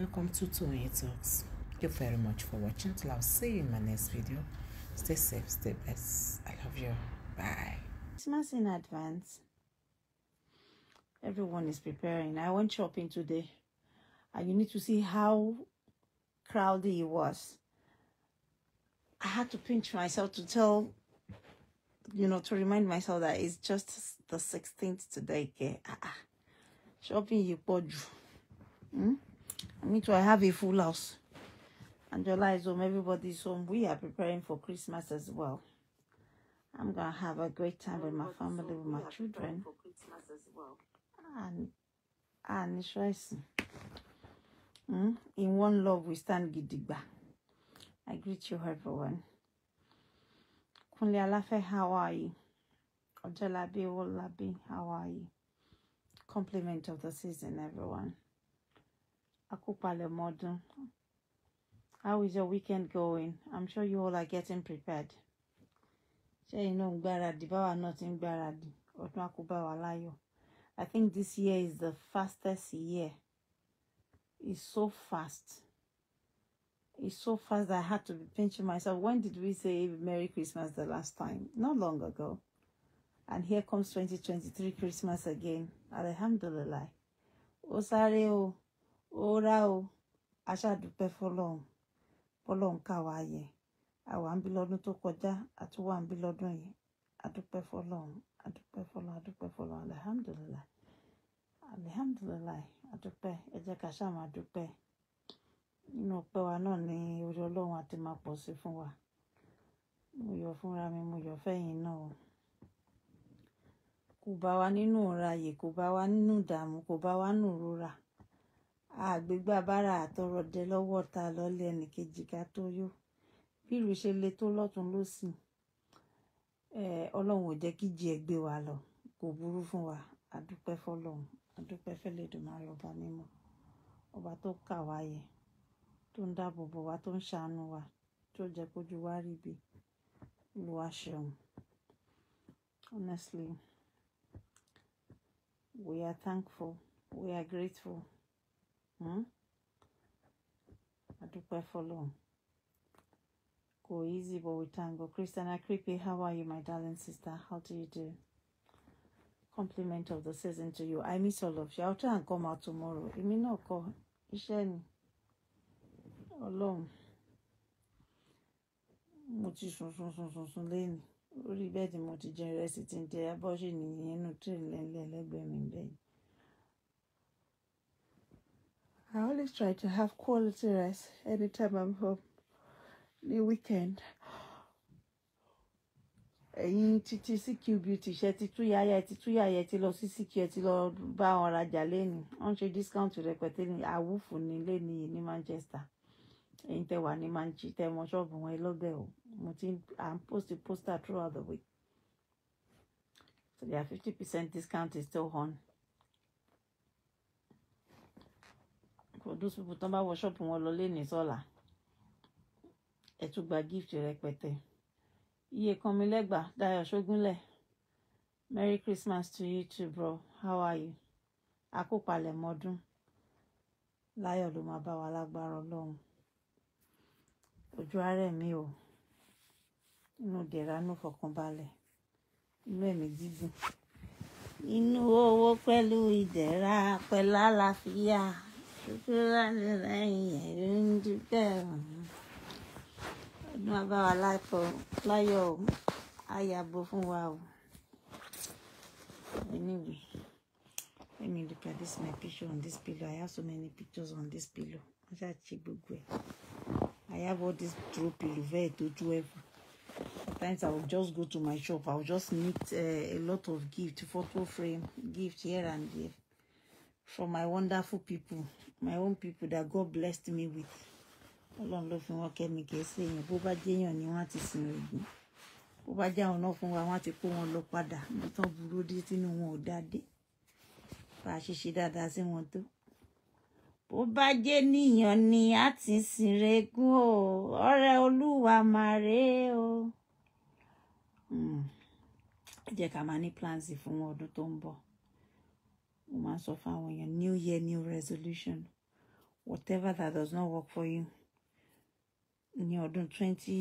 welcome to Toyeen Talks thank you very much for watching till i'll see you in my next video stay safe stay blessed i love you bye christmas in advance everyone is preparing i went shopping today and you need to see how crowded it was i had to pinch myself to tell you know to remind myself that it's just the 16th today okay? Ah, ah. shopping you pọ̀jù. Hmm? Me too, I have a full house. Angela is home, everybody's home. We are preparing for Christmas as well. I'm gonna have a great time with my family, with my children. Well. And and stressing. Mm? In one love we stand gidigba. I greet you everyone. Kunle Alafe, how are you? Ojalabi Olabi, how are you? Compliment of the season, everyone. Akupale Modern. How is your weekend going? I'm sure you all are getting prepared. Say no ń báwa náà ti I think this year is the fastest year it's so fast it's so fast that I had to be pinching myself when did we say Merry Christmas the last time not long ago and here comes 2023 Christmas again alhamdulillah ó sáré o o ó rá o aṣáàdúpẹ́ fọlọ́run fọlọ́run ka wá yẹ àwa ń bí lọ́dún tó kọjá àtúwà ń bí lọ́dún yìí adúpẹ́ fọlọ́run adúpẹ́ fọlọ́run adúpẹ́ fọlọ́run alihamudulilayi alihamudulilayi adúpẹ́ ẹ jẹ́ ká ṣáà máa dúpẹ́ nínú ọpẹ́ wa na ni orí ọlọ́run àti máa pọ̀ sí fún wa mo fun ra mi mo yọ̀ fẹ́yìn náà o kò bá wa nínú ìrayè kò bá wa nínú ìdààmú kò bá wa nínú ìrora àgbégbà bára àtọrọdẹ lọ́wọ́ ta lọlé ẹnìkejì ká tó yó bírù ṣe le tó lọ́tún lósì Ọlọ́run ò jẹ́ kí jí ẹ gbé wa lọ kò burú fún wa adúpẹ́ fọ́lọ́run adúpẹ́ fẹ́lẹ́dùmarè ọba mímọ́ ọba tó kà wá yẹ tó ń dáàbò bò wá tó ń ṣàánú wa tó jẹ́ kójú wá rí bi lu wa honestly we are thankful we are grateful for hmm? fọlọ́run Go easy but we tango, God Christiana Kripe how are you my darling sister how do you do compliment of the season to you I miss all of you I'll try and come out tomorrow èmi náà kọ iṣẹ́ ni ọlọ́run mo ti sùn sùn sùn sùn sùn lẹ́nu orí bẹ́ẹ̀dì mo ti jẹ ìrẹsì tí ń jẹ abọ́ṣe nìyẹn nù tírì lẹ́ńlẹ́ lẹ́gbẹ̀ẹ́ mi bẹ́ẹ̀ I always try to have quality rest anytime I'm home. Ní weekend. Ẹ̀yin títí CQ Beauty ṣe ti tú yáyá ẹ ti tú yáyá ẹ ti lọ sí CQ ẹ ti lọ bá wọn rajà lẹ́nu. Wọ́n ṣe discount rẹpẹtẹ ní àwùfù ní lẹ́nu yìí ní Manchester. Ẹ̀yin tẹ wà ní Manchester tẹ mọ ṣọ́ọ̀bù wọn lọ́gbẹ̀ẹ́ o. Mo ti à ń post poster throughout the week. So their fifty percent discount is still on. those people tán bá wọ ṣọ́ọ̀bù wọn lọ léèní sọ́la ẹ̀ tún gba gift rẹpẹtẹ iye kan mi lẹ́gbàá Dayọ̀ Ṣógúnlẹ̀ merry christmas to you too bro how are you akópalẹ̀mọ́dún láyọ̀ ló máa bá wa lágbára ọlọ́run ojú ara mi o inú dẹ̀ra inú fọkànbalẹ̀ inú ẹ̀mí gígùn inú owó pẹ̀lú ìdẹ̀ra pẹ̀lú àlàáfíà ọdún abáwa láyọ̀ ayàbò fún wa o anyway let me look at this my picture on this pillow i have so many pictures on this pillow wọ́n ṣàṣì gbogbo ẹ̀ i have all this throw pillow very to twelve sometimes i will just go to my shop i will just need uh, a lot of gift photo frame gift here and there from my wonderful people my own people that God blessed me with Ọlọ́run ló fi wọn kẹ́mi kìí ṣe èèyàn bó bá jẹ́yàn ni wọ́n ti sin ògùn bó bá jáwọn náà fún wa wọ́n ti kó wọn lọ padà níbi tán burú dé tínú wọn ò dáadé bá a ṣe ṣe dáadáa sí wọn tó bó bá jẹ́ níyàn ni a ti sin regún o ọ̀rẹ́ Olúwa máa rè o hmm. ẹ jẹ́ ká máa ní plans fún ọdún tó ń bọ̀ mo máa ń sọ fún new year new resolution whatever that does not work for you ní ọdún twenty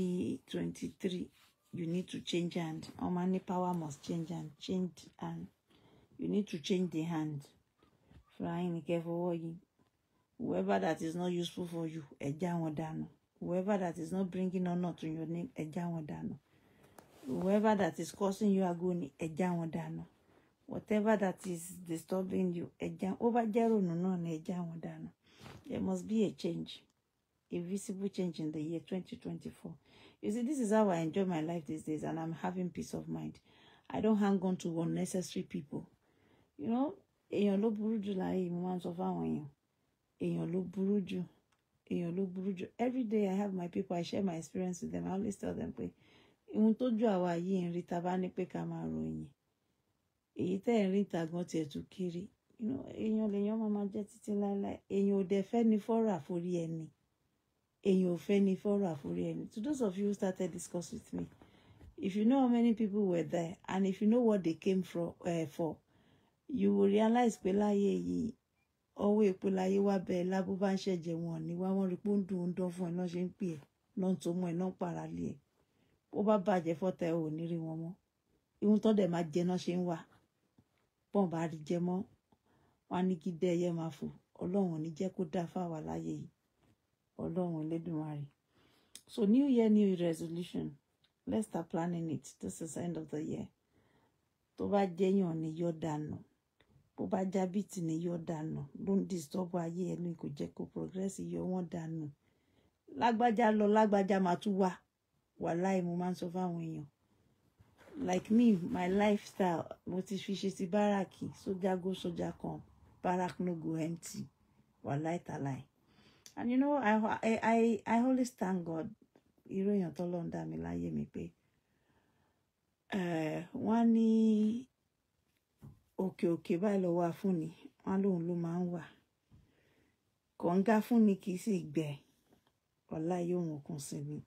twenty three you need to change hand ọmọ ní power must change and change and you need to change the hand fúráyìn ní kẹfọwọ́ yìí whoever that is not useful for you ẹ já whoever that is not bringing honour to your name ẹ já whoever that is causing you agony ẹ já whatever that is disturbing you ẹja ó bá jẹ́ rònú náà ni ẹja wọn dànù there must be a change a visible change in the year 2024 you see this is how I enjoy my life these days and I'm having peace of mind I don't hang on to unnecessary people you know èèyàn ló burú jù láyé mo máa ń sọ fáwọn èèyàn èèyàn ló burú jù èèyàn ló burú jù every day I have my people I share my experience with them I always tell them pé ohun tó ju àwa yìí ń rí ta bá ní pé ká máa ròyìn èyí tẹ́ ẹ̀ rí ìta gan tiẹ̀ tún kiri èèyàn lèèyàn máa máa jẹ́ títí láéláé èèyàn ò dẹ̀ fẹ́ ni fọ́rọ̀ àforí ẹni èèyàn ò fẹ́ ni fọ́rọ̀ àforí ẹni to those of you who started discuss with me if you know how many people were there and if you know what they came from, uh, eh, for you will realize pé láyé yìí ọwọ́ èpo láyé wá bẹ́ẹ̀ lábó bá ń ṣẹ̀jẹ̀ wọn ni wá wọ́n rí pé ó ń dùn ó ń dán fún ẹ náà ṣe ń pè ẹ́ náà ń tó mọ́ ẹ náà ń para lé bá bàjẹ́ fọ́tà ẹ ò ní rí wọn mọ́ ihun dẹ̀ máa jẹ náà ṣe ń wà bọ́n bá rí jẹ mọ́ wọn á ní kí dẹ́ ẹyẹ máa fò ọlọ́run ò ní jẹ́ kó dá fáwa láyé yìí ọlọ́run lẹ́dùnmarè so new year new resolution let's start planning it this is the end of the year tó bá jẹ́yàn ni yọ dànù bó bá jábìtì ni yọ dànù ló ń disturb ayé ẹ ní kò jẹ́ kó progress yọ wọ́n dànù lágbájá lọ lágbájá máa tún wá wàláì mo máa ń sọ fáwọn èèyàn like me my lifestyle mo ti fi ṣe ti báràkì sójà go sójà come barak no go empty wàláì tàláì and you know I, I I I always thank God irú èèyàn tó lọ́n dá mi láyé mi pé eh, wọ́n ní òkè òkè báyìí lọ́wọ́ afúnni wọ́n lóun ló máa ń wà kọ̀ǹga fúnni kì í sì gbẹ ọ̀la yóò mú kún sí mi.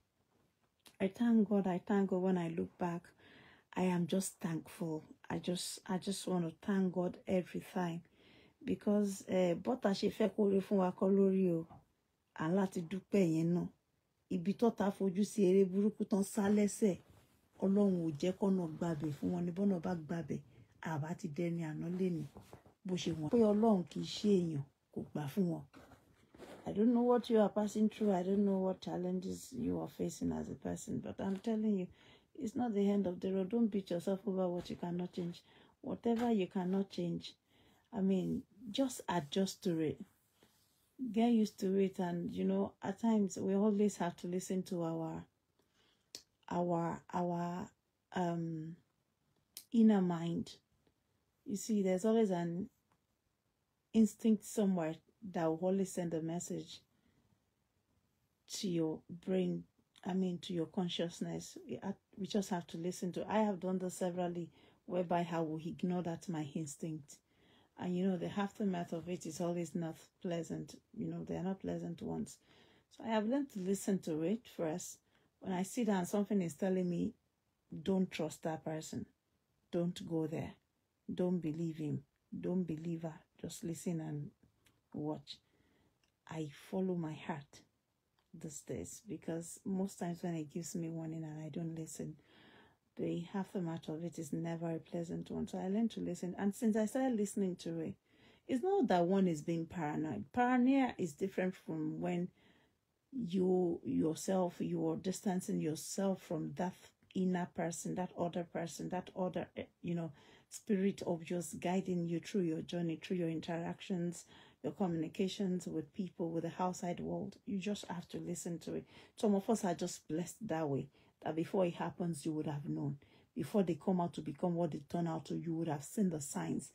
I thank God I thank God when I look back I am just thankful. I just I just want to thank God every time because eh, bọ́tà ṣe fẹ́ kóore fún wa kọ́ lórí o à ń láti dúpẹ́ yẹn náà ibi tọ́ta fojú sí eré burúkú tán sá lẹ́sẹ̀ ọlọ́run ò jẹ́ kọ́nà gbàbẹ̀ fún wọn ní bọ́nà bá gbàbẹ̀ àbá ti dẹni àná lẹ́nu bó ṣe wọ́n. pé ọlọ́run kì í ṣe èèyàn kò gbà fún wọn. I don't know what you are passing through. I don't know what challenges you are facing as a person, but I'm telling you. It's not the end of the road. Don't beat yourself over what you cannot change. Whatever you cannot change, I mean, just adjust to it. Get used to it, and you know, at times we always have to listen to our, our, our, um, inner mind. You see, there's always an instinct somewhere that will always send a message to your brain I mean, to your consciousness. We just have to listen to. I have done this severally, whereby I will ignore that my instinct, and you know the aftermath of it is always not pleasant. You know they are not pleasant ones. So I have learned to listen to it first. When I see that something is telling me, don't trust that person, don't go there, don't believe him, don't believe her. Just listen and watch. I follow my heart this this because most times when it gives me warning and I don't listen, the half matter of it is never a pleasant one. So I learned to listen, and since I started listening to it, it's not that one is being paranoid. Paranoia is different from when you yourself you're distancing yourself from that inner person, that other person, that other eh, you know spirit of just guiding you through your journey, through your interactions, your communications with people, with the outside world. You just have to listen to it. Some of us are just blessed that way, that before it happens, you would have known. Before they come out to become what they turn out to, you would have seen the signs.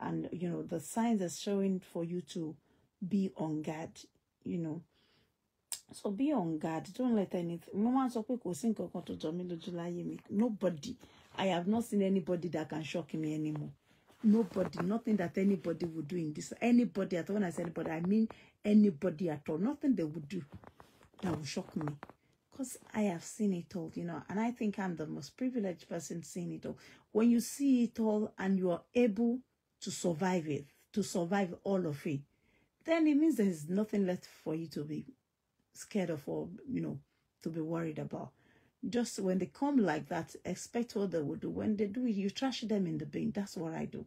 And, you know, the signs are showing for you to be on guard, you know. So be on guard. Don't let anything. Nobody. I have not seen anybody that can shock me anymore nobody, nothing that anybody would do in this. Anybody at all. When I say anybody, I mean anybody at all. Nothing they would do that would shock me. Because I have seen it all, you know, and I think I'm the most privileged person seeing it all. When you see it all and you are able to survive it, to survive all of it, then it means there's nothing left for you to be scared of or, you know, to be worried about just when they come like that, expect what they will do. When they do, you trash them in the bin. That's what I do.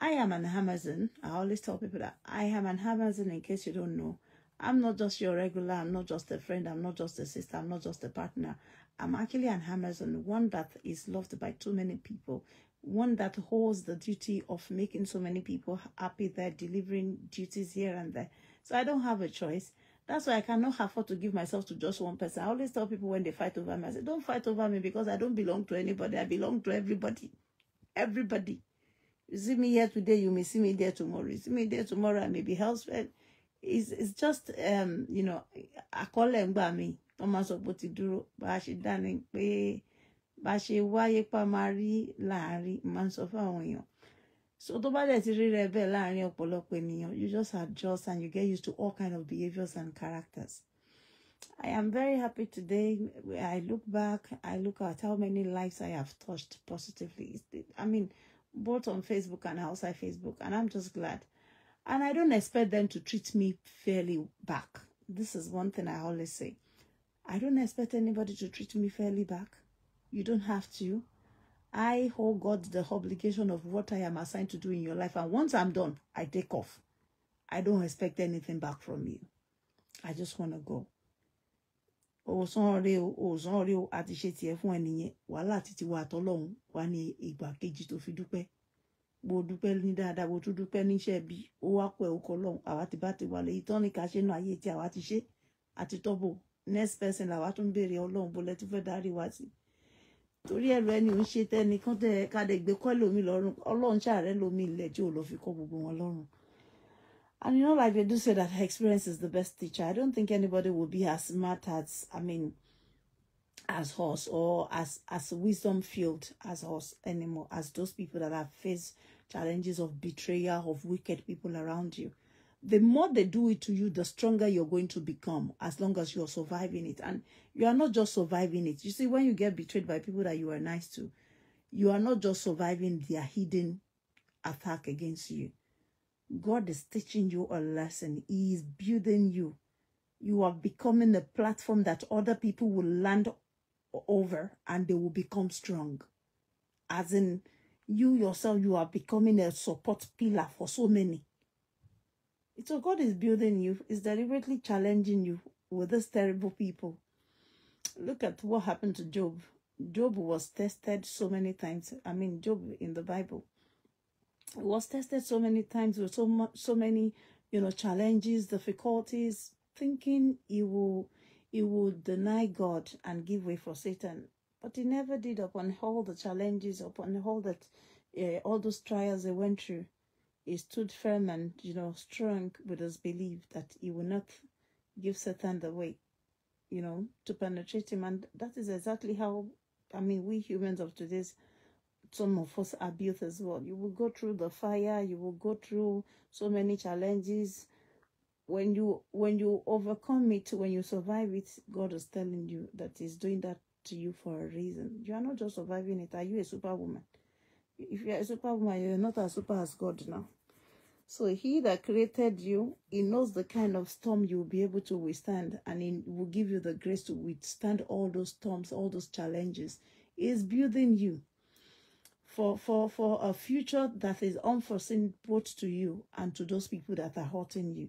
I am an Amazon. I always tell people that I am an Amazon in case you don't know. I'm not just your regular, I'm not just a friend, I'm not just a sister, I'm not just a partner. I'm actually an Amazon, one that is loved by too many people, one that holds the duty of making so many people happy. They're delivering duties here and there. So I don't have a choice. That's why I cannot afford to give myself to just one person. I always tell people when they fight over me, I say, don't fight over me because I don't belong to anybody. I belong to everybody. Everybody. You see me here today, you may see me there tomorrow. You see me there tomorrow, I may be elsewhere. It's, it's just, um, you know, I call them by me. Ọmọ dúró bá a ṣe dání bá a ṣe wáyé pa máa rí so tó bá dẹ̀ ti rí you just adjust and you get used to all kind of behaviours and characters I am very happy today I look back I look at how many lives I have touched positively I mean both on Facebook and outside Facebook and I'm just glad and I don't expect them to treat me fairly back this is one thing I always say I don't expect anybody to treat me fairly back you don't have to I hold oh God the obligation of what I am assigned to do in your life. And once I'm done, I take off. I don't expect anything back from you. I just want to go. òsánre òsánre àti ṣe tiẹ̀ fún ẹnìyẹn wàhálà títí wa àtọlọ́hún wà ní ìgbà kejì tó fi dúpẹ́ bó dúpẹ́ ní dáadáa bó tún dúpẹ́ níṣẹ́ bí ó wá pẹ òkọ lọhùn àwa ti bá ti wà lẹ́yìn tán ní ká ṣe nù ayé tí àwa ti ṣe àti tọbọ next person làwa tún béèrè Ọlọ́run bó lẹtí fẹ́ darí wa sí i torí ẹni tẹnìkan tẹ ká dẹ gbé kọ́ lómi lọ́rùn ṣàárẹ̀ lómi ilẹ̀ tí ò lọ fi kọ́ wọn lọ́rùn. And you know, like they do say that experience is the best teacher. I don't think anybody will be as smart as, I mean, as us or as as wisdom filled as us anymore, as those people that have faced challenges of betrayal of wicked people around you the more they do it to you, the stronger you're going to become as long as you're surviving it. And you are not just surviving it. You see, when you get betrayed by people that you are nice to, you are not just surviving their hidden attack against you. God is teaching you a lesson. He is building you. You are becoming a platform that other people will land over and they will become strong. As in, you yourself, you are becoming a support pillar for so many so God is building you, is deliberately challenging you with these terrible people. Look at what happened to Job. Job was tested so many times. I mean, Job in the Bible was tested so many times with so much, so many, you know, challenges, difficulties, thinking he will, he will deny God and give way for Satan. But he never did upon all the challenges, upon all that, uh, all those trials they went through he stood firm and you know strong with his belief that he will not give Satan the way, you know, to penetrate him. And that is exactly how I mean we humans of today's some of us are built as well. You will go through the fire, you will go through so many challenges. When you when you overcome it, when you survive it, God is telling you that He's doing that to you for a reason. You are not just surviving it. Are you a superwoman? If you are a superwoman, you're not as super as God now. So he that created you, he knows the kind of storm you'll be able to withstand and he will give you the grace to withstand all those storms, all those challenges. He's building you for, for, for a future that is unforeseen both to you and to those people that are hurting you.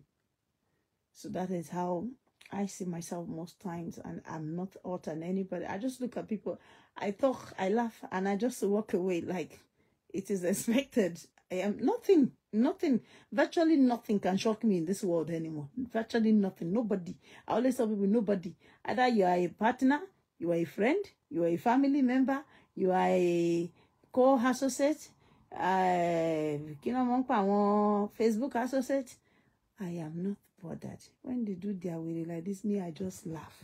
So that is how I see myself most times and I'm not hurt on anybody. I just look at people, I talk, I laugh and I just walk away like it is expected I am, nothing, nothing, virtually nothing can shock me in this world anymore. Virtually nothing, nobody. I always tell people, nobody. Either you are a partner, you are a friend, you are a family member, you are a co-associate, eh, kí ló mọ̀ ń pa àwọn Facebook associate. I am not bothered. When they do their way like this, me, I just laugh.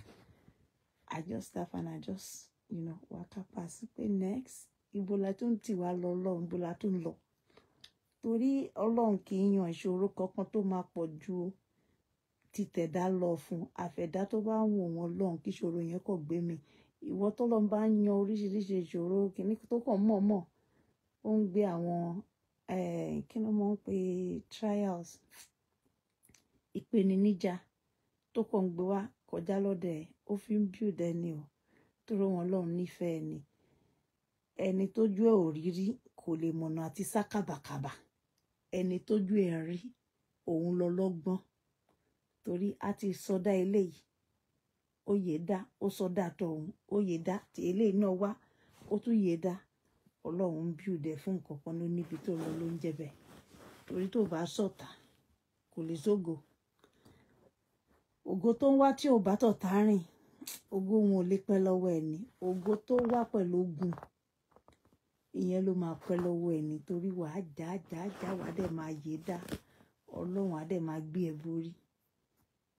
I just laugh and I just, you know, waka pass. Pé next, ibo la tún ti wá lọ lọ, ibo la tún torí ọlọ́run kì í yan ìṣòro kankan tó máa pọ̀ ju títẹ̀dá lọ fún àfẹ̀dá tó bá ń wò wọ́n lọ́run kí ìṣòro yẹn kò gbé mi ìwọ tọ́lọ́ bá ń yan oríṣiríṣi ìṣòro kìíní tó kàn mọ̀ọ́mọ̀ ó ń gbé àwọn kí ló mọ̀ ń pè trials ìpèníjà tó kàn ń gbé wá kọjá lọ́dẹ̀ ó fi ń build ẹni o tó rọ wọn lọ́run nífẹ̀ẹ́ ni ẹni tójú ẹ̀ ò kò lè mọ̀nà àti sákàbàkàbà ẹni tójú ẹ̀ rí òun lọ lọ́gbọ́n torí a ti sọdá eléyìí oyè dá ó sọdá tọ̀hún oyè dá tí eléyìí náà wá ó tún yè dá ọlọ́run bí ò dẹ̀ fún nǹkan kan ló níbi tó lọ ló ń jẹ bẹ́ẹ̀ torí tó bá sọ̀tà kò lè sógo ògo tó ń wá tí ò bá tọ̀tá rìn ògo wọn ò lè pẹ́ lọ́wọ́ ẹ̀ ní ògo tó wá pẹ̀lú ogun ìyẹn ló máa pẹ́ lọ́wọ́ ẹni torí wàá já já já wàá dẹ̀ máa yé dá ọlọ́run á dẹ̀ máa gbé ẹ borí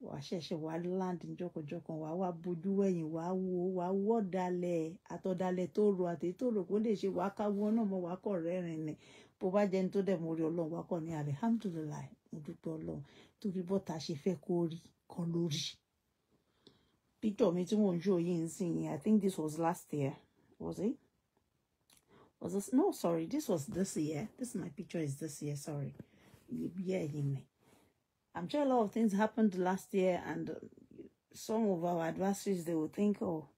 wàá ṣẹ̀ṣẹ̀ wàá land jọkànjọkàn wàá wá bójú wẹ̀yìn wàá wo wàá wọ́ dalẹ̀ àtọ̀dalẹ̀ tó ro àtẹ̀yí tó rò kó lè ṣe wàá káwọ́ náà mọ́ wàá kọ̀ rẹ́rìn ni bó bá jẹ́ni tó dẹ̀ mọ́ orí ọlọ́run wàá kọ̀ ní alihamudulilayi mo dúpẹ́ ọlọ́run torí bọ́ta ṣe fẹ́ kó rí kan lórí. picture mi tí mò ń ṣó yìí ń I think this was last year was it? Was this? No, sorry. This was this year. This my picture is this year. Sorry. Yeah, I'm sure a lot of things happened last year, and some of our adversaries they will think, oh,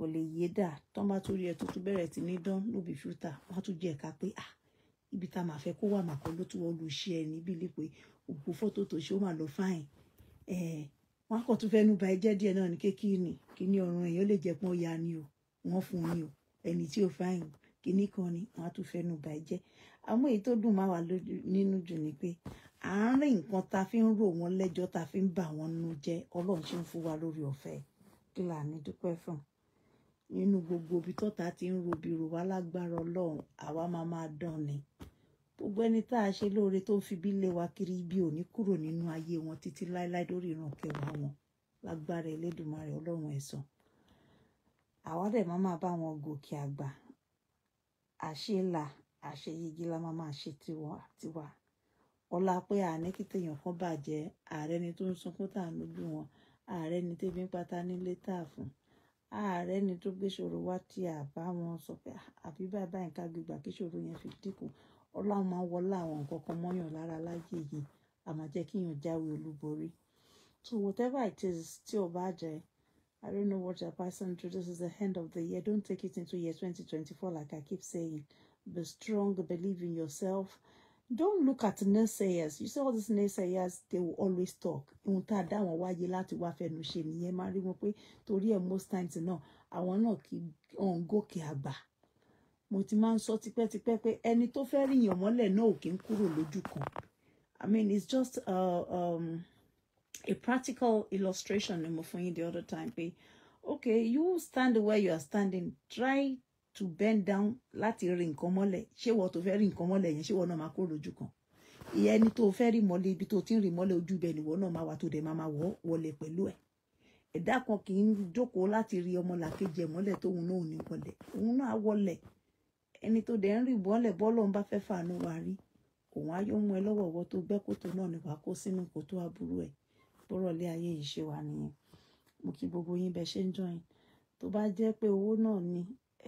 kò Yeda, yé dà tán bá tún rí ẹ tó tún bẹ̀rẹ̀ tí ní dán ló bí fúta ah ibi tá a máa fẹ́ kó wà màkọ́ ló tún wọ́n lu iṣẹ́ ẹ níbí lè pé òkú fọ́tò tó ṣe ó máa lọ fáìn ẹ̀ eh, wọ́n á kàn nu ba ẹjẹ́ díẹ̀ náà ni kí ni ọ̀ràn èèyàn lè jẹ́ pọ́n ya ni o wọ́n fún ni o ẹni tí ò fáìn kinní kan ni àwọn tó fẹnu bà jẹ́ àmọ́ èyí tó dùn máa wà nínú jù ni pé àárín nǹkan ta fi ń rò wọ́n lẹ́jọ́ ta fi ń bà wọ́n nú jẹ́ ọlọ́run ṣe ń fún wa lórí ọ̀fẹ́ kí là ní dúpẹ́ fún nínú gbogbo ibi tọ́ta ti ń robi rò wá lágbára ọlọ́run àwa máa máa dán ni gbogbo ẹni tá a ṣe lóore tó ń fi bí lé wa kiri ibi ò ní kúrò nínú ayé wọn títí láéláé lórí ìran kẹwàá wọn lágbára Elédùmarè ọlọ́run ẹ̀san àwa dẹ̀ máa máa bá wọn gòkè àgbà àṣelà àṣeyigi la máa máa ṣe tiwa ọlá pé àní kí téèyàn kan bàjẹ́ ààrẹ ni tó ń sunkún tà ń lójú wọn ààrẹ ni tẹ́bí ń pátá nílé tà fún ààrẹ ni tó gbé ṣòro wá tí a bá wọn sọ pé àbí bàbá yẹn ká gbégbà kí ṣòro yẹn fi dínkù ọlọ́run máa wọlé àwọn nǹkan kan mọ́yàn lára láyé yìí àmọ́ jẹ́ kíyàn jáwé olúborí so whatever it is tí o bá jẹ́ I don't know what you're passing through. This is the end of the year. Don't take it into year 2024, like I keep saying. Be strong, believe in yourself. Don't look at naysayers. You see all these naysayers, they will always talk. Ohun tá a dá wọn wáyé láti wá fẹnu most times náà àwọn náà kì í ọ̀n gòkè àgbà. Mo ti máa ń sọ tipẹ́tipẹ́ pé ẹni tó fẹ́ ríyàn mọ́lẹ̀ náà I mean it's just uh, um, a practical illustration ni mo fún the other time pé okay you stand where you are standing try to bend down láti rí nǹkan mọ́lẹ̀ ṣé wọ́n tó fẹ́ rí nǹkan mọ́lẹ̀ yẹn ṣé wọ́n náà máa kó lójú kan ìyẹn ni to fẹ́ rí mọ́lẹ̀ ibi tó ti ń rí mọ́lẹ̀ ojú ibẹ̀ nìwọ náà máa wà tó dẹ̀ máa máa wọ́ wọlé pẹ̀lú ẹ̀ ẹ̀dá kan kì í jókòó láti rí ọmọ làkejì ẹ̀ mọ́lẹ̀ tóun náà ò ní wọlé òun náà wọlẹ̀ ẹni tó dẹ̀ ń rí bọ́lẹ̀ bọ́lọ̀ ń bá fẹ́ fàánú wa rí òun á yọ mú ẹ lọ́wọ́ ọwọ́ tó gbẹ́ kòtò náà nípa kó sínú kòtò aburú ẹ̀ tó rọ̀lẹ́ ayé yìí ṣe wà nìyẹn mo kí gbogbo yín bẹ ṣe ń join tó bá jẹ́ pé owó náà ni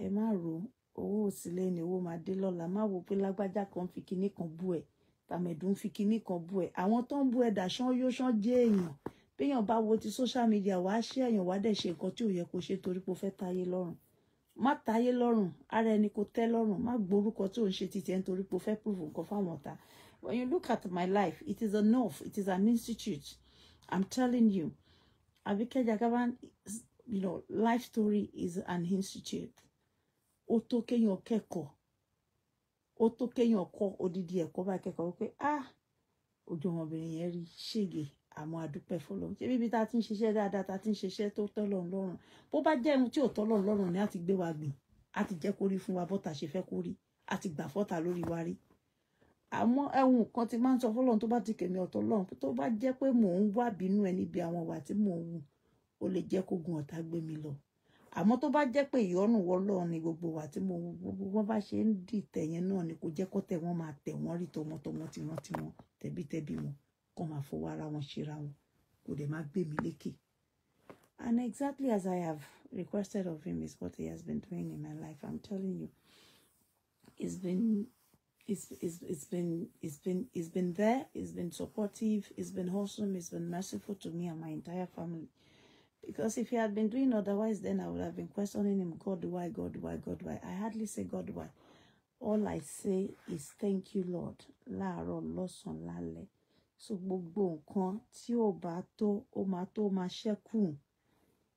ẹ má rò owó òsìlẹ ni owó máa dé lọ́la má wo pé lágbájá kan fi kinní kan bú ẹ tàmẹ̀dùn fi kinní kan bú ẹ àwọn tó ń bú ẹ dàṣán yóò ṣán jẹ́ èèyàn béèyàn bá wo ti social media wàá ṣe èèyàn wàá dẹ̀ ṣe nǹkan tí ò yẹ kó ṣe torí pé o fẹ́ táyé lọ́rùn má táyé lọ́rùn ara ẹni kò tẹ́ lọ́rùn má gborúkọ tí ò ń ṣe títí ẹni torí pé o fẹ́ prove nǹkan fáwọn ọ̀tá when you look at my life it is a north it is an institute I'm telling you, Abike Jagaban, you know, life story is an institute. Ó tó kéèyàn kẹ́kọ̀ọ́. Ó tó odidi ẹ̀kọ́ bá kẹ́kọ̀ọ́ pé ah ojú ọmọbìnrin yẹn rí ṣègè àmọ́ àdúpẹ́ fọlọ́ ṣé bíbi tá da ti ń ṣiṣẹ́ to tolon lon. ti ń ṣiṣẹ́ tó tọ́lọ̀ lọ́rùn bó bá jẹ́ irun tí ò tọ́lọ̀ lọ́rùn ti gbé wa gbìn a ti jẹ́ kó rí fún wa bọ́ta ṣe fẹ́ kó rí a ti gbà fọ́ta lórí àmọ́ ẹ̀hún kan ti máa ń sọ fọlọ́run tó bá ti kẹ̀mí ọ̀tọ̀ lọ́run tó bá jẹ́ pé mò ń wá bínú ẹ níbi àwọn ìwà tí mò ń wù ó lè jẹ́ kógun ọ̀tá gbé mi lọ àmọ́ tó bá jẹ́ pé ìyọ́nù wọ lọ́run ni gbogbo ìwà tí mò ń wù gbogbo wọn bá ṣe ń dìtẹ̀ yẹn náà ni kò jẹ́ kó tẹ̀ wọ́n máa tẹ̀ wọ́n rí tọmọtọmọ tiwọn tẹ̀bítẹ̀bí wọn kó máa fọwọ́ ara wọn ṣera wọn kò dẹ̀ máa gbé mi lékè. And exactly as I have requested of him is what he has been doing in my life. I'm telling you, it's been it's, it's, it's been it's been it's been there it's been supportive it's been wholesome it's been merciful to me and my entire family because if he had been doing otherwise then i would have been questioning him god why god why god why i hardly say god why all i say is thank you lord láàárọ̀ lọ́sàn lálẹ́ so gbogbo nǹkan tí ò bá tó ó máa tó máa ṣẹ́kù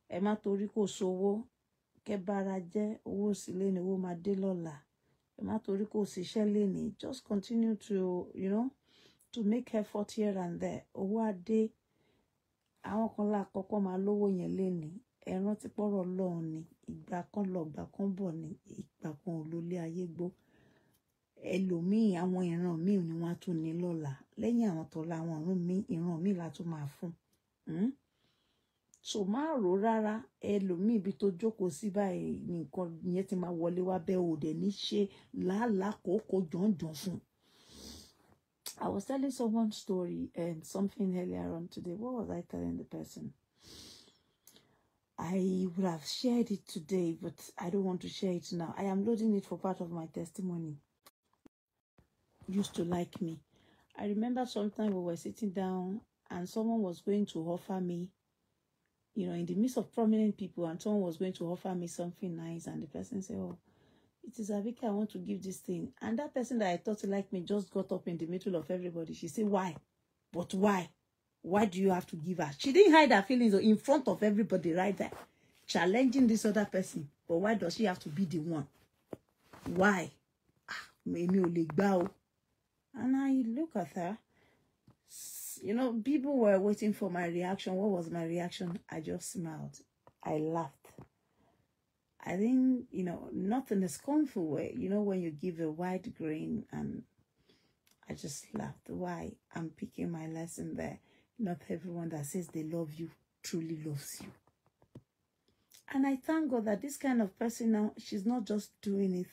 ẹ má torí kò sówó kẹ́ bára jẹ́ owó sílé ni owó máa dé lọ́la ẹ má torí kò ṣiṣẹ́ lénìí just continue to you know to make effort here and there owó adé àwọn kan lákọ̀ọ́kọ́ máa lówó yẹn lénìí ẹ rántí pọ́rọ̀ lọ́hùn ni ìgbà kan lọ ìgbà kan bọ̀ ni ìgbà kan ò lólé ayé gbó ẹlòmíì àwọn ìran míì ni wọ́n á tún ní lọ́la lẹ́yìn àwọn tọ́lá àwọn ìran míì ìran míì la tún máa fún un. Mm? so má rò rárá ẹlòmíì ibi tó jókòó sí báyìí nìkan yẹn ti máa wọlé wá bẹ́ẹ̀ ò dẹ̀ ní ṣe làálàá kòókò jọ̀ǹjọ̀ǹ fún I was telling someone story and something earlier on today. What was I telling the person? I would have shared it today, but I don't want to share it now. I am loading it for part of my testimony. Used to like me. I remember sometime we were sitting down and someone was going to offer me you know, in the midst of prominent people, and someone was going to offer me something nice, and the person said, "Oh, it is Abike. I want to give this thing." And that person that I thought liked me just got up in the middle of everybody. She said, "Why? But why? Why do you have to give her?" She didn't hide her feelings in front of everybody right there, challenging this other person. But why does she have to be the one? Why? Ah, èmi ò And I look at her. you know, people were waiting for my reaction. What was my reaction? I just smiled. I laughed. I think, you know, not in a scornful way. You know, when you give a wide grin and I just laughed. Why? I'm picking my lesson there. Not everyone that says they love you truly loves you. And I thank God that this kind of person now, she's not just doing it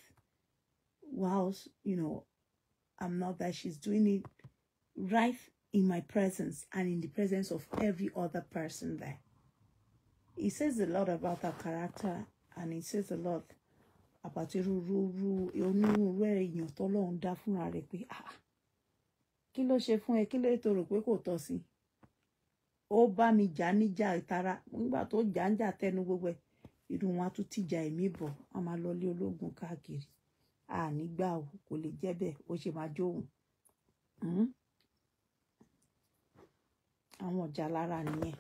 whilst, you know, I'm not that she's doing it right in my presence and in the presence of every other person there. It says a lot about our character and it says a lot about irúurú onírúurú èèyàn tọ́lọ́run dá fúnra rẹ̀ pé ah, ah, kí ló ṣe fún ẹ kí ló tó rò pé kò tọ́ sí i ó bá mi jà níjà ìtara nígbà tó jà ń jà tẹnu gbogbo ẹ irú wọn á tún tìjà ẹ̀mí àwọn ọ̀jà lára nìyẹn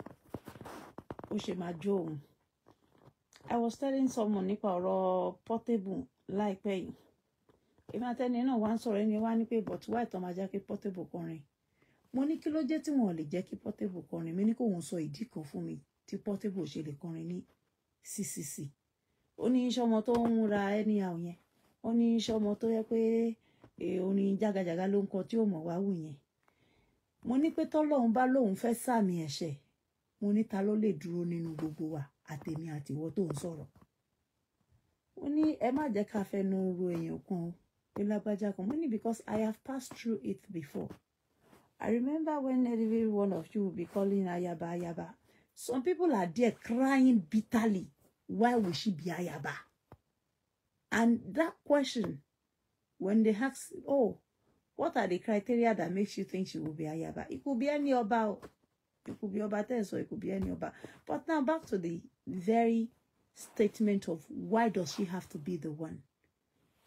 ó ṣe máa jó òun I was telling someone nípa ọ̀rọ̀ portable láìpẹ́ yìí èmi àtẹni náà wá ń sọ̀rọ̀ ẹni wá ní pé but why máa portable kọrin mo ní kí ló jẹ́ tí wọ́n lè jẹ́ kí portable kọrin mi ní kò wọ́n sọ ìdí kan fún mi tí portable ṣe lè kọrin ní ccc ó ní iṣẹ́ ọmọ tó ń ra ẹni àwọn yẹn ó ní iṣẹ́ ọmọ tó yẹ pé eh, jágajàga ló ń kọ tí mọ̀ wá wù yẹn mo ní pé tọ́lọ́run bá lóun fẹ́ sàmì ẹ̀ṣẹ̀ mo ní ta ló lè dúró nínú gbogbo wa àtèmi àtìwọ tó ń sọ̀rọ̀ ó ní ẹ má jẹ́ ká fẹnu ro èèyàn kan o pé kan mo ní because I have passed through it before I remember when every one of you be calling ayaba ayaba some people are there crying bitterly why will she be ayaba and that question when they ask oh What are the criteria that makes you think she will be Ayaba? It could be any Oba. It could be Oba Teso, it could be any Oba. But now back to the very statement of why does she have to be the one?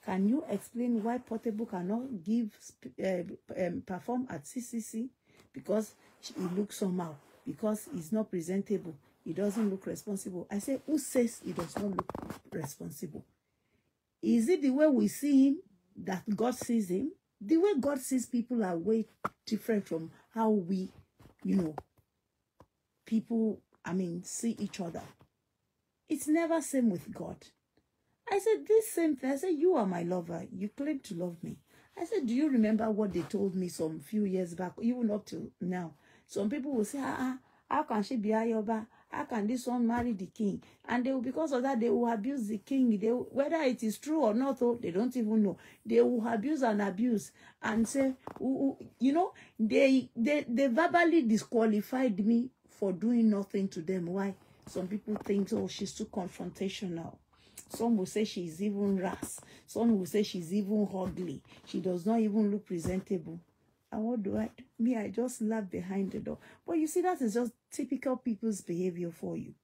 Can you explain why Portable cannot give uh, um, perform at CCC? Because he looks somehow. Because he's not presentable. He doesn't look responsible. I say, who says he does not look responsible? Is it the way we see him that God sees him? the way God sees people are way different from how we, you know, people, I mean, see each other. It's never same with God. I said, this same thing. I said, you are my lover. You claim to love me. I said, do you remember what they told me some few years back, even up to now? Some people will say, ah, ah how can she be Ayoba? How can this one marry the king? And they will, because of that, they will abuse the king. They will, whether it is true or not, oh, they don't even know. They will abuse and abuse and say, you know, they they they verbally disqualified me for doing nothing to them. Why? Some people think, oh, she's too confrontational. Some will say she's even rash. Some will say she's even ugly. She does not even look presentable. And what do I do? Me, I just laugh behind the door. But you see, that is just typical people's behavior for you.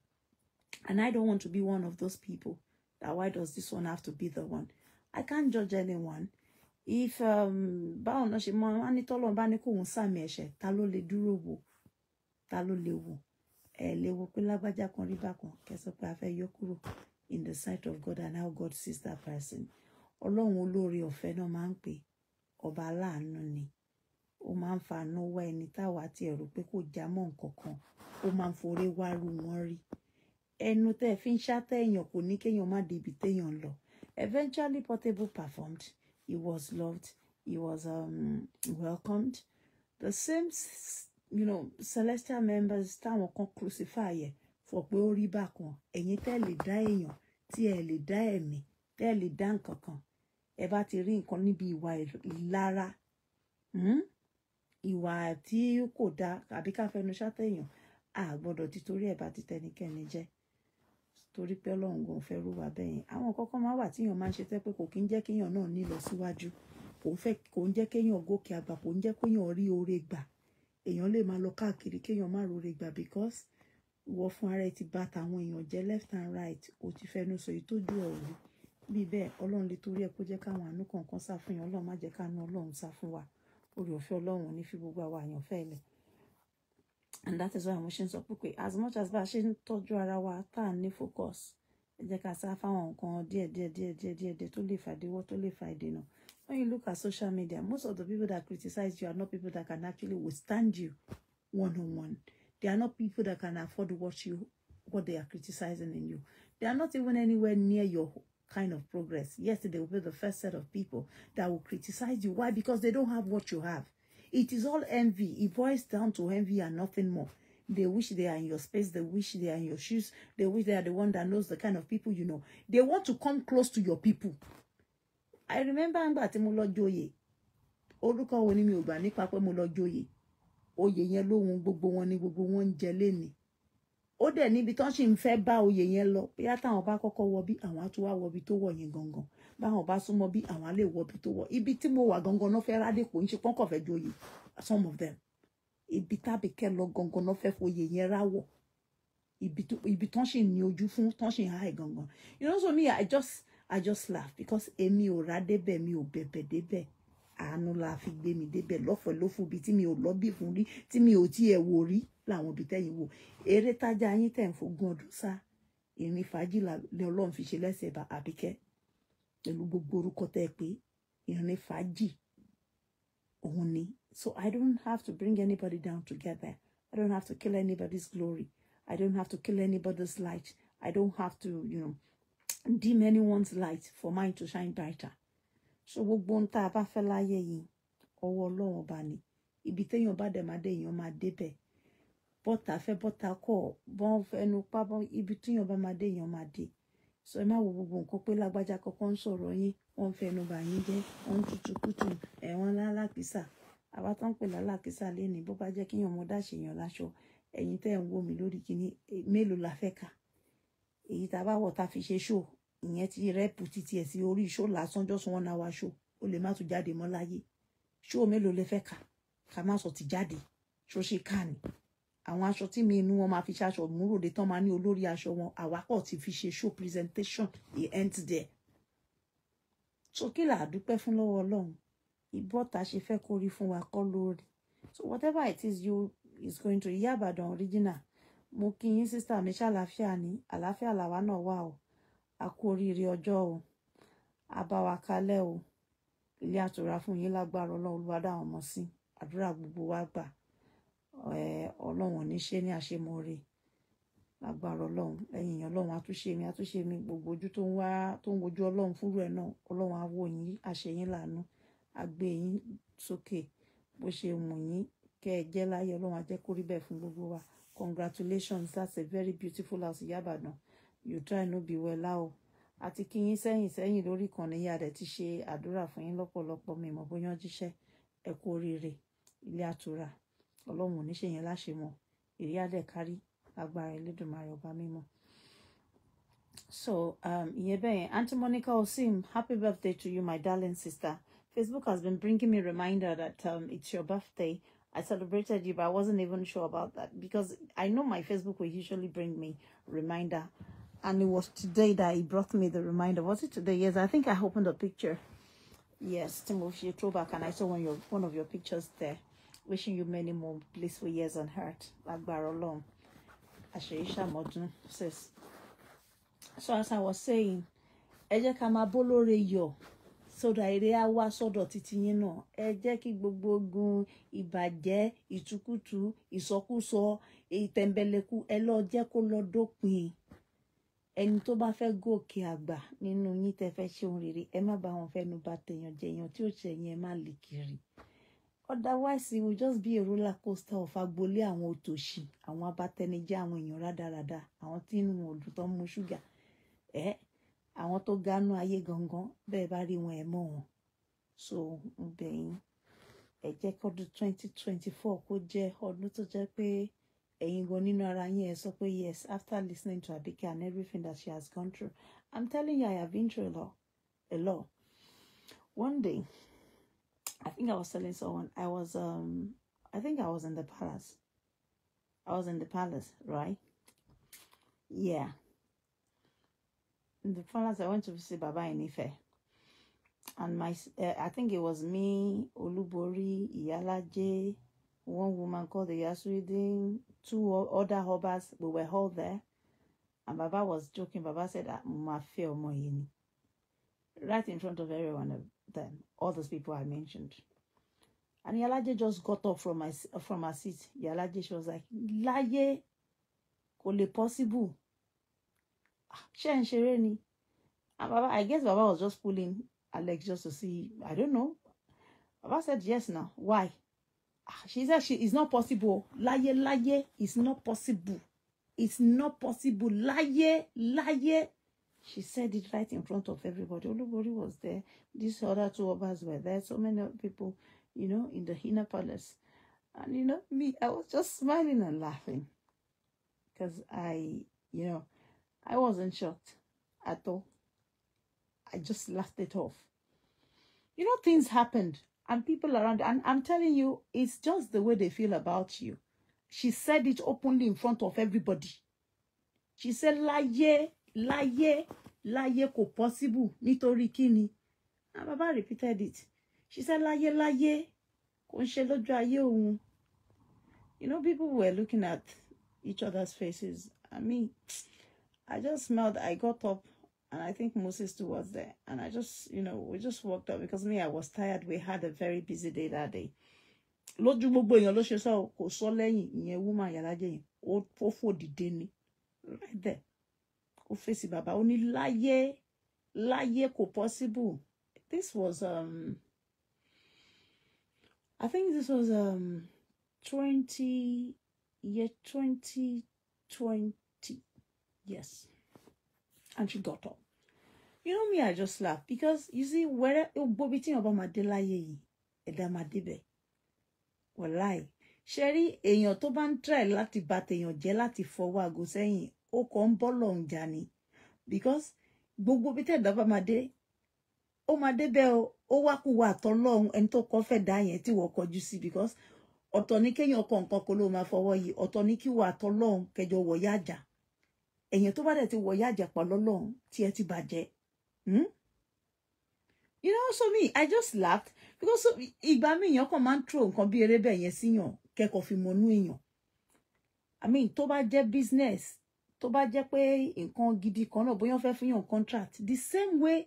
And I don't want to be one of those people that why does this one have to be the one? I can't judge anyone. If um ba ona she mọ ani ní ba bá ní kóun sàmì ẹ̀ṣẹ̀ ta ló lè dúró wò ta ló lè wò ẹ lè wo pé lágbájá kan rí bákan kẹsàn pé a fẹ́ yọ kúrò in the sight of God and how God sees that person ọlọ́run olóore ofe náà máa ń pè ọba aláàánú ni ó máa ń fa àánú wá ẹni táwa ti ẹ̀rù pé kò já mọ́ nǹkan ó máa ń forí wárú wọn rí ẹnu tẹ́ fi ń ṣátẹ́ èèyàn kò ní kéèyàn má débi téèyàn lọ eventually Portable performed he was loved he was um, welcomed the same you know Celestial members táwọn kan crucify yẹ fọ pé ó rí bákan ẹ̀yin tẹ́ lè dá èèyàn tí ẹ lè dá ẹ̀mí tẹ́ lè dá nǹkan kan ẹ bá ti rí nǹkan níbi ìwà ìlara hmm? ìwà tí kò dáa àbí ká fẹnu ṣátẹ̀yàn a gbọ́dọ̀ ti torí ẹ̀ bá ti tẹnikẹ́ni jẹ́ torí pé ọlọ́run gan fẹ́ rú wa bẹ́yẹn àwọn kọ́kọ́ máa wà tíyàn máa ń ṣe tẹ́ pé kò kí ń jẹ́ kéèyàn náà ní lọ síwájú kò ń fẹ́ kò ń jẹ́ kéèyàn gòkè àgbà kò ń jẹ́ kéèyàn rí oore gbà èèyàn lè máa lọ káàkiri kéèyàn má roore gbà because ìwọ fún ara ẹ ti bá tàwọn èèyàn jẹ left and right o ti fẹnu sọ èyí tó ju ọ̀rọ̀ bí bẹ́ẹ̀ ọlọ́run lè torí ẹ kó jẹ́ káwọn àánú kọ̀ọ̀kan sá fún yàn ọlọ́run má jẹ́ káwọn ọlọ́run sá fún wa oore ọ̀fẹ́ ọlọ́run ní fi gbogbo àwa àyànfẹ́ ilẹ̀ and that is why àwọn ṣe ń sọ pé as much as bá a ṣe ń tọ́jú ara wa tá à ní focus ẹ jẹ́ ká sá fáwọn nǹkan díẹ̀ díẹ̀ díẹ̀ díẹ̀ díẹ̀ díẹ̀ tó lè fàdíwọ́ tó lè fa ìdènà when you look at social media most of the people that criticize you are not people that can actually withstand you one on one they are not people that can afford watch you what they are criticizing in you they are not even anywhere near your kind of progress yes they will be the first set of people that will criticize you why because they don't have what you have It is all envy. It boils down to envy and nothing more. They wish they are in your space. They wish they are in your shoes. They wish they are the one that knows the kind of people you know. They want to come close to your people. I remember ngbà tí mo lọ joyè. Orúkọ wo ni mi ò gbà nípa pé mo lọ joyè. Oyè yẹn lóhun gbogbo wọn ni gbogbo wọn ń jẹ lénìí ó dẹ̀ níbi tán sì ń fẹ́ bá oyè yẹn lọ bóyá táwọn bá kọ́kọ́ wọ bí àwọn á tún wá wọ bí tó wọ̀ yẹn gangan báwọn bá súnmọ́ bí àwọn á lè wọ bí tó wọ̀ ibi tí mo wà gangan náà fẹ́ rádé kò ń ṣe pọ́ńkọ̀ fẹ́ joyè some of them ibi tábì kẹ́ lọ gangan náà fẹ́ foyè yẹn ráwọ̀ ibi tán sì ní ojú fún tán sì ń háì gangan you know so me I just I just laugh because èmi ò rá débẹ̀ mi ò bẹ̀bẹ̀ débẹ̀ àánú la fi gbé mi débẹ̀ lọ́fọ̀ẹ́ lófù bíi tí mi ò lọ́bì fún rí tí mi ò tiẹ̀ wò rí láwọn ibi tẹ́yìn wò eré tájà yín tẹ̀ ń fogún ọdún sá ìrìn fàájì ni fi ṣe lẹ́sẹ̀ bá àbíkẹ́ pẹ̀lú gbogbo orúkọ tẹ́ ẹ pé ìrìn fàájì òun ni so I don't have to bring anybody down together I don't have to kill anybody's glory I don't have to kill anybody's light I don't have to you know dim anyone's light for mine to shine brighter so gbogbo ohun tá a bá fẹ́ láyé yìí ọwọ́ ọlọ́run ọba ni ibi téèyàn bá dẹ̀ máa dé èèyàn máa débẹ̀ bọ́ta fẹ́ bọ́ta kọ̀ bọ́n fẹnu pa bọ́n ibi tí yàn bá máa dé yàn máa dé sọ ẹ má wo gbogbo nǹkan pé lágbájá kankan ń sọ̀rọ̀ yín wọ́n fẹnu bà yín jẹ́ wọ́n tutù kùtù ẹ̀wọ̀n lálákìsà àbátán pè lálákìsà lénìí bó bá jẹ́ kí yàn mọ́ dáṣèyàn láṣọ ẹ̀yin tẹ́ ń wò mí lórí kìíní mélòó la fẹ́ kà èyí tá a bá wọ̀ tá a fi ṣe ṣó ìyẹn ti rẹ́pù títí ẹ̀ sí orí ṣó lásán jọ́sùn wọn náà wá ṣó o lè má tún jáde mọ́ láyé ṣó mélòó lè fẹ́ kà ká má sọ ti jáde ṣó ṣe ká ni àwọn aṣọ tí mi inú wọn máa fi ṣaṣọ múròde tán máa ní olórí aṣọ wọn àwákọ̀ ti fi ṣe show presentation he ends there. so kí là á dúpẹ́ fún lọ́wọ́ ọlọ́run ìbọ́ta ṣe fẹ́ kó rí fún wa kọ́ lórí so whatever it is you is going to Ìyá Ìbàdàn original mo kí yín sísá mi ṣàlàáfíà ní àlàáfíà làwa náà wà o a kú oríire ọjọ́ o àbáwá kalẹ̀ o ilé àtòrà fún yín lágbára ọlọ́run olúwa dáhùn ọmọ sí àdúrà gbogbo wa gbà ọlọ́run ní ṣe ní àṣemọ́re lágbára ọlọ́run ẹ̀yìn ọlọ́run àtúnṣe mi àtúnṣe mi gbogbo ojú tó ń wá tó ń wojú ọlọ́run fúnrú ẹ̀ náà ọlọ́run á wò yín àṣeyín lànà á gbé yín sókè bó ṣe mú yín kẹ́ ẹ jẹ́ láyé ọlọ́run á jẹ́ bẹ́ẹ̀ fún gbogbo wa congratulations that's a very beautiful house ìyá ìbàdàn you try no be well out àti kí yín sẹ́yìn sẹ́yìn lórí ìkànnì yá rẹ̀ ti ṣe àdúrà fún yín lọ́pọ̀lọpọ̀ mímọ́ bóyá jíṣẹ́ ẹ kú ilé àtúrà ọlọ́run ní ṣe yẹn kárí agbára Elédùmarè ọba mímọ́. so um, ìyẹn Monica Osim happy birthday to you my darling sister Facebook has been bringing me reminder that um, it's your birthday I celebrated you but I wasn't even sure about that because I know my Facebook will usually bring me reminder and it was today that he brought me the reminder was it today yes I think I opened a picture yes Timothy you throw back and I saw one, your, one of your pictures there wishing you many more blissful years on heart lágbára Ọlọ́run àṣeyí ṣàmọdún sis so as i was saying ẹ jẹ́ ká máa bó lóore yọ̀ sódà eré á wá sọ́dọ̀ títí yín náà ẹ jẹ́ kí gbogbo ogun ìbàjẹ́ ìtukùtù ìsọkúsọ ìtẹ̀m̀bẹ̀lẹ̀kù ẹ lọ jẹ́ kó lọ dópin ẹni tó bá fẹ́ gòkè àgbà nínú yín tẹ́ fẹ́ ṣe ohun rere ẹ má bá wọn fẹ́nu bà tèèyàn otherwise it will just be a roller coaster of agboolé àwọn òtòṣì àwọn abatẹnijẹ́ àwọn èèyàn rádaràda àwọn tí inú wọn ò dùn tó ń mu ṣúgà ẹ àwọn tó gánú ayé gangan bẹ́ẹ̀ bá rí wọn ẹ mọ̀ wọn so ń bẹ̀ yín ẹ jẹ́ twenty twenty four kó jẹ́ ọdún tó jẹ́ pé ẹ̀yin gan nínú ara yín ẹ sọ pé yes after listening to Abike and everything that she has gone through I'm telling you I have been through a lot a lot one day I think I was telling someone I was um I think I was in the palace. I was in the palace, right? Yeah. In the palace, I went to see Baba Ife, And my, uh, I think it was me, Olubori, Iyalaje, one woman called the Yasuidin, two other hobas, we were all there. And Baba was joking. Baba said, Mafia Moyini. Right in front of everyone. Than all those people I mentioned. And Yalaje just got up from my from her seat. Yalaje, she was like, Láyé, kò lè possible. Ah, ṣé and ṣeré ni. And Baba, I guess Baba was just pulling Alex just to see. I don't know. Baba said yes now. Why? Ah, she said she it's not possible. Láyé, láyé, it's not possible. It's not possible. Láyé, láyé, She said it right in front of everybody. Olubori was there. These other two us were there. So many people, you know, in the Hina palace. And, you know, me, I was just smiling and laughing. Because I, you know, I wasn't shocked at all. I just laughed it off. You know, things happened and people around, and I'm telling you, it's just the way they feel about you. She said it openly in front of everybody. She said, yeah láyé láyé kò possible nítorí kíni and ah, baba repeated it she said láyé láyé kò ń ṣe lójú ayé òun you know people were looking at each other's faces i mean i just smelled i got up and I think Moses too was there. And I just, you know, we just walked up because me, I was tired. We had a very busy day that day. Lójú gbogbo èèyàn ló ṣe sọ kò sọ lẹ́yìn ìyẹn woman yàrá jẹ́ yẹn ó fòfò the day, right there ó fèsì bàbá ó ní láyé láyé kò possible this was um, I think this was um, twenty year twenty twenty yes and she got up you know me I just laugh because you see where gbóbi tí yorùbá máa dé láyé yìí ẹ̀dá máa débẹ̀ wọláì ṣe rí èèyàn tó bá ń try láti bà tèèyàn jẹ́ láti fọwọ́ aago sẹ́yìn ó kọ́ ń bọ́ lọ́n jà ni because gbogbo bí tẹ̀dá bá máa dé ó máa débẹ̀ ó wá kú wa àtọ́lọ́hún ẹni tó kọ́ fẹ́ dá yẹn tí wọ́n kọjú sí because ọ̀tọ̀ ní kéèyàn kọ nǹkan kó ló máa fọwọ́ yìí ọ̀tọ̀ ní kí wọ́n àtọ́lọ́hún kẹjọ wọ̀ yá àjà èèyàn tó bá dẹ̀ ti wọ̀ yá àjà pa lọ́lọ́hún tí ẹ ti bàjẹ́ hmm? you know so me i just laughed because ìgbà mi èèyàn kàn máa ń tro nǹkan bí eré yẹn síyàn kẹ́kọ̀ọ́ fi mọnú èèyàn i mean tó bá jẹ́ business To bá jẹ́ pé nǹkan gidi kan náà bóyá wọ́n fẹ́ fún yàn contract the same way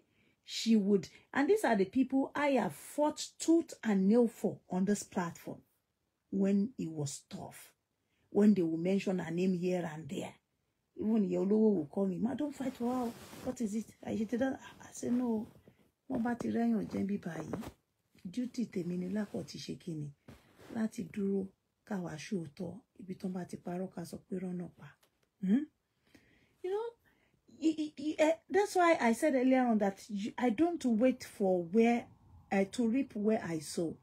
she would and these are the people I have fought tooth and nail for on this platform when it was tough when they will mention her name here and there even ìyá olówó will call me ma don't fight wow. her what is it àyètè dáná I said no wọ́n bá ti rẹ́yàn jẹ́ bí báyìí duty tèmi ni lápọ̀ ti ṣe kí ni láti dúró káwá ṣòótọ́ ibi tó ń bá ti parọ́ ká sọ pé rọ́nà pa. Hmm? You know, eh, that's why I said earlier on that I don't wait for where uh, to reap where I sow.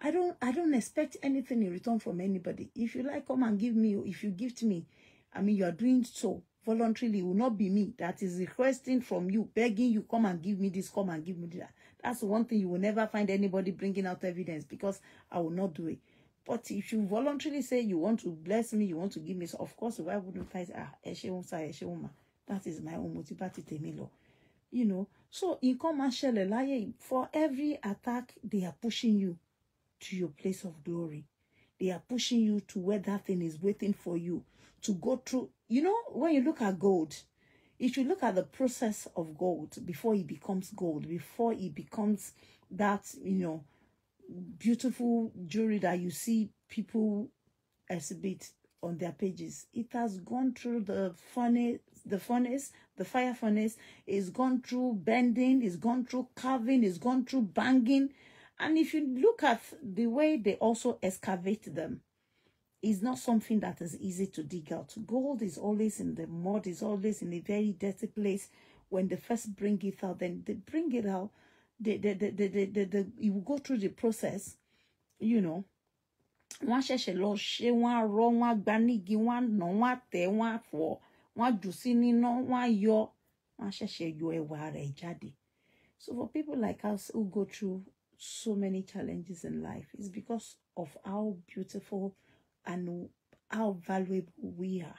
I don't I don't expect anything in return from anybody. If you like, come and give me. If you gift me, I mean you are doing so voluntarily. It will not be me that is requesting from you, begging you, come and give me this, come and give me that. That's one thing you will never find anybody bringing out evidence because I will not do it. But if you voluntarily say you want to bless me, you want to give me, so of course, why wouldn't I say, ah, that is my own motivation, temilo. You know, so in common shell, for every attack, they are pushing you to your place of glory. They are pushing you to where that thing is waiting for you to go through. You know, when you look at gold, if you look at the process of gold before it becomes gold, before it becomes that, you know, beautiful jewelry that you see people exhibit on their pages. It has gone through the furnace, the furnace, the fire furnace. It's gone through bending. It's gone through carving. It's gone through banging. And if you look at the way they also excavate them, it's not something that is easy to dig out. Gold is always in the mud. is always in a very dirty place. When they first bring it out, then they bring it out the the the the the, the, the you will go through the process you know One share lọ ṣe wọ́n one wrong one granny give one no one nà wọ́n á tẹ̀ wọ́n á one wọ́n á jù sí níná wọ́n á yọ wọ́n á jadi. so for people like us who go through so many challenges in life it's because of how beautiful and how valuable we are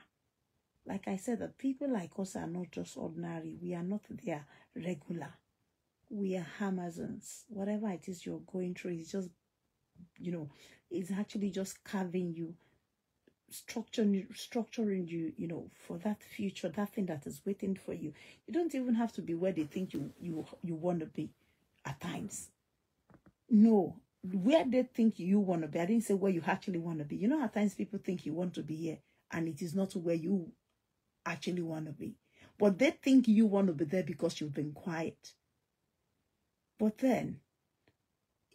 like I said, that people like us are not just ordinary. We are not there regular we are Amazons. Whatever it is you're going through is just, you know, it's actually just carving you, structuring, structuring you, you know, for that future, that thing that is waiting for you. You don't even have to be where they think you you you want to be, at times. No, where they think you want to be. I didn't say where you actually want to be. You know, at times people think you want to be here, and it is not where you actually want to be. But they think you want to be there because you've been quiet but then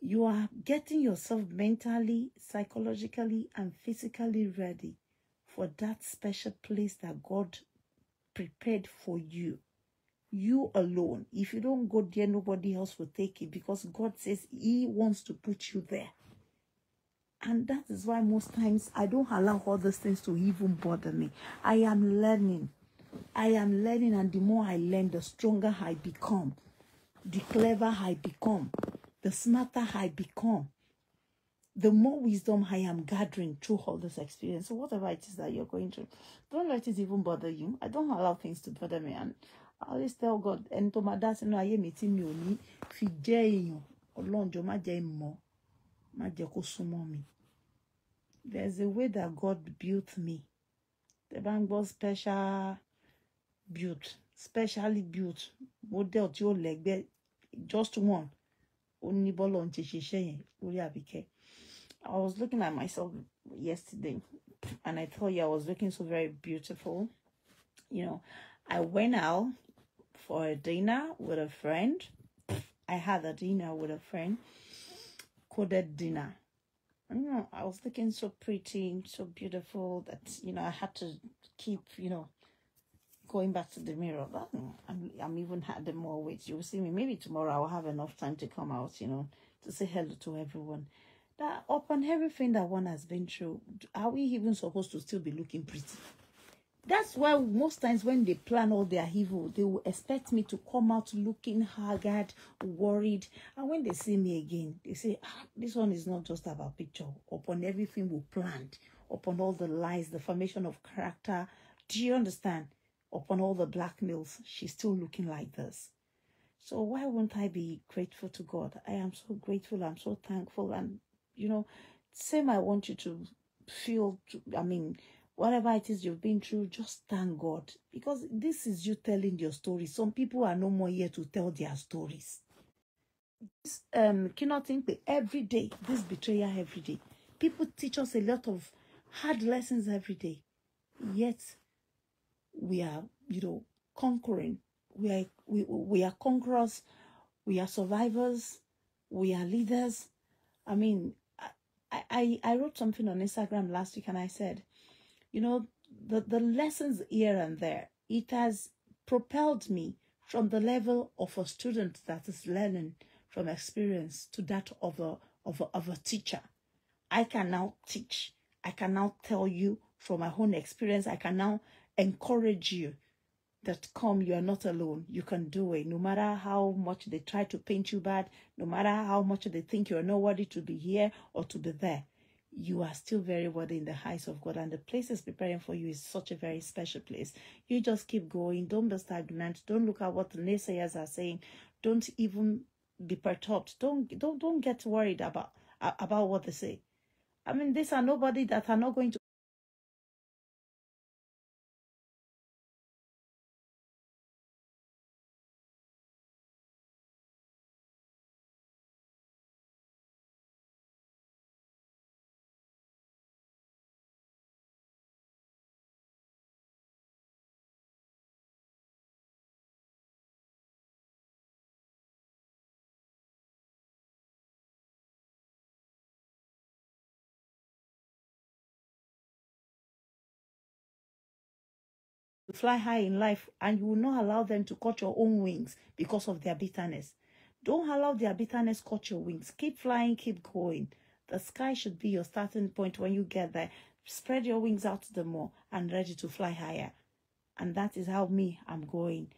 you are getting yourself mentally, psychologically, and physically ready for that special place that God prepared for you. You alone. If you don't go there, nobody else will take it because God says He wants to put you there. And that is why most times I don't allow all these things to even bother me. I am learning. I am learning, and the more I learn, the stronger I become. the clever I become, the smarter I become, the more wisdom I am gathering through all this experience. So whatever it is that you're going through, don't let it even bother you. I don't allow things to bother me. And I always tell God, And to my dad, sínú ayé mi tí mi ò ní fi jẹ́ èèyàn ọlọ́run jọ̀ọ́ má jẹ́ ìmọ̀ má There's a way that God built me. The bank was special built specially built model tí ó lẹ́gbẹ́ just one, only ball on ti I was looking at myself yesterday and I told you I was looking so very beautiful you know I went out for a dinner with a friend I had a dinner with a friend coded dinner you know I was looking so pretty so beautiful that you know I had to keep you know going back to the mirror. I'm, I'm even had more weight. You'll see me. Maybe tomorrow I'll have enough time to come out, you know, to say hello to everyone. That upon everything that one has been through, are we even supposed to still be looking pretty? That's why most times when they plan all their evil, they will expect me to come out looking haggard, worried. And when they see me again, they say, ah, this one is not just about picture. Upon everything we planned, upon all the lies, the formation of character. Do you understand? upon all the blackmails, she's still looking like this. So why won't I be grateful to God? I am so grateful. I'm so thankful. And, you know, same I want you to feel, to, I mean, whatever it is you've been through, just thank God. Because this is you telling your story. Some people are no more here to tell their stories. This, um, cannot think that every day, this betrayal every day. People teach us a lot of hard lessons every day. Yet, we are, you know, conquering. We are, we, we are conquerors. We are survivors. We are leaders. I mean, I, I, I wrote something on Instagram last week and I said, you know, the, the lessons here and there, it has propelled me from the level of a student that is learning from experience to that of a, of a, of a teacher. I can now teach. I can now tell you from my own experience. I can now encourage you that come, you are not alone. You can do it. No matter how much they try to paint you bad, no matter how much they think you are not worthy to be here or to be there, you are still very worthy in the eyes of God. And the place is preparing for you is such a very special place. You just keep going. Don't be stagnant. Don't look at what the naysayers are saying. Don't even be perturbed. Don't don't don't get worried about about what they say. I mean, these are nobody that are not going to fly high in life and you will not allow them to cut your own wings because of their bitterness. Don't allow their bitterness cut your wings. Keep flying, keep going. The sky should be your starting point when you get there. Spread your wings out the more and ready to fly higher. And that is how me, I'm going.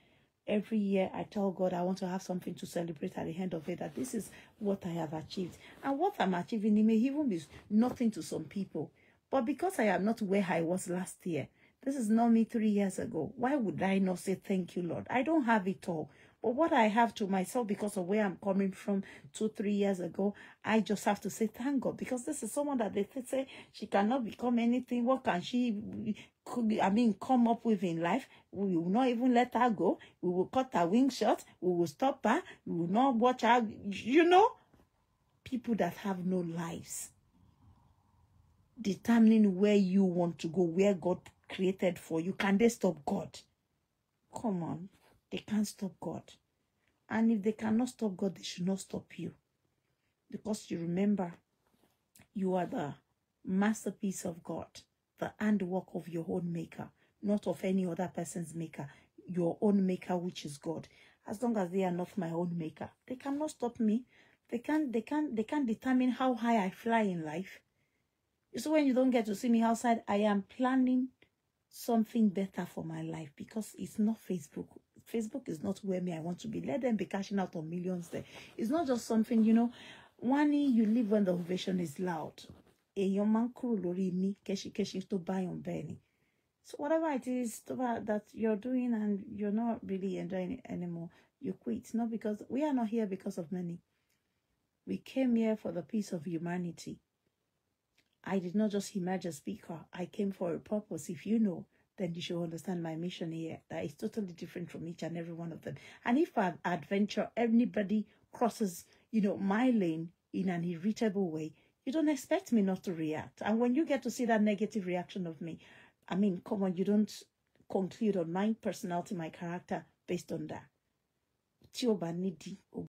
Every year I tell God I want to have something to celebrate at the end of it, that this is what I have achieved. And what I'm achieving, it may even be nothing to some people. But because I am not where I was last year, this is not me three years ago. Why would I not say thank you, Lord? I don't have it all. But what I have to myself because of where I'm coming from two, three years ago, I just have to say thank God because this is someone that they say she cannot become anything. What can she, I mean, come up with in life? We will not even let her go. We will cut her wing short. We will stop her. We will not watch her. You know, people that have no lives. Determining where you want to go, where God created for you. Can they stop God? Come on. They can't stop God. And if they cannot stop God, they should not stop you. Because you remember, you are the masterpiece of God, the handwork of your own maker, not of any other person's maker, your own maker, which is God. As long as they are not my own maker, they cannot stop me. They can't, they can't, they can't determine how high I fly in life. So when you don't get to see me outside, I am planning something better for my life because it's not Facebook. Facebook is not where me I want to be. Let them be cashing out on millions there. It's not just something, you know. One, you live when the ovation is loud. A young man me lórí cashing cashing tó buy on Benny. so whatever it is that you're doing and you're not really enjoying it anymore you quit not because we are not here because of money we came here for the peace of humanity I did not just emerge as speaker. I came for a purpose. If you know, then you should understand my mission here. That is totally different from each and every one of them. And if I adventure, anybody crosses, you know, my lane in an irritable way, you don't expect me not to react. And when you get to see that negative reaction of me, I mean, come on, you don't conclude on my personality, my character based on that.